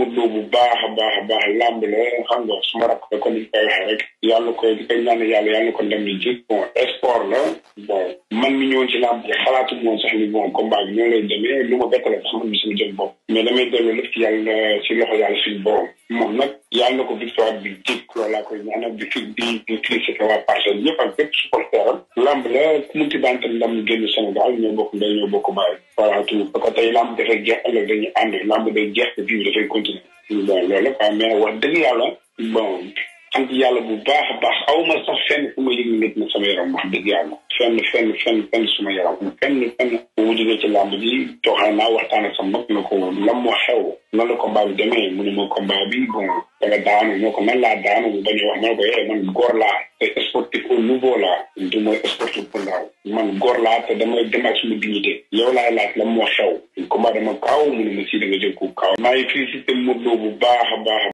Modou Lo bu baax a baax a baax làmb la xam nga suma rakk la comme ni koy waxee rek yàlla koy di koy ñaan yàlla yàlla ko ndam yi ji bon la bon man mi ñëwoon ci làmb ji xalaatu moon sax ni bon combat bi noonu lay demee lu ma la sax man mi suñu jëm bopp mais damay dellu lépp yàlla si loxo yàlla suñu borom. moom nag yàlla na ko victoire bi jik loolu laa koy ñaanal di fi di di félicité waa Parcelles ñëpp ak bépp supporteram lamb la ku munti daan tam lamb génn Sénégal bokk ndey ñoo bokk bàyyi voilà tout parce que tey lamb dafay te bii dafay continuer bon loolu la mais wax dëgg yàlla bon sant yàlla bu baax a baax aw ma sax fenn fu ma yëg nit na sama yaram dëgg yàlla fenn fenn fenn fenn suma yaram fenn fenn bu jógee ci làmb ji tooxal naa waxtaan ak sama mag na ko lan moo xew nan la combat bi demee mu ne ma combat bi bon da nga daanu moo ko man laa daanu bu bañ a wax ma ne ko eh man góor laa te sportif au niveau laa du ma sportif bu ndaw laa te damay dem ak suma dignité yow laay laaj lan moo xew combat dama kaaw mu ne ma si da nga jël ko kaaw maa ngi félicité Modou Lo bu baax a baax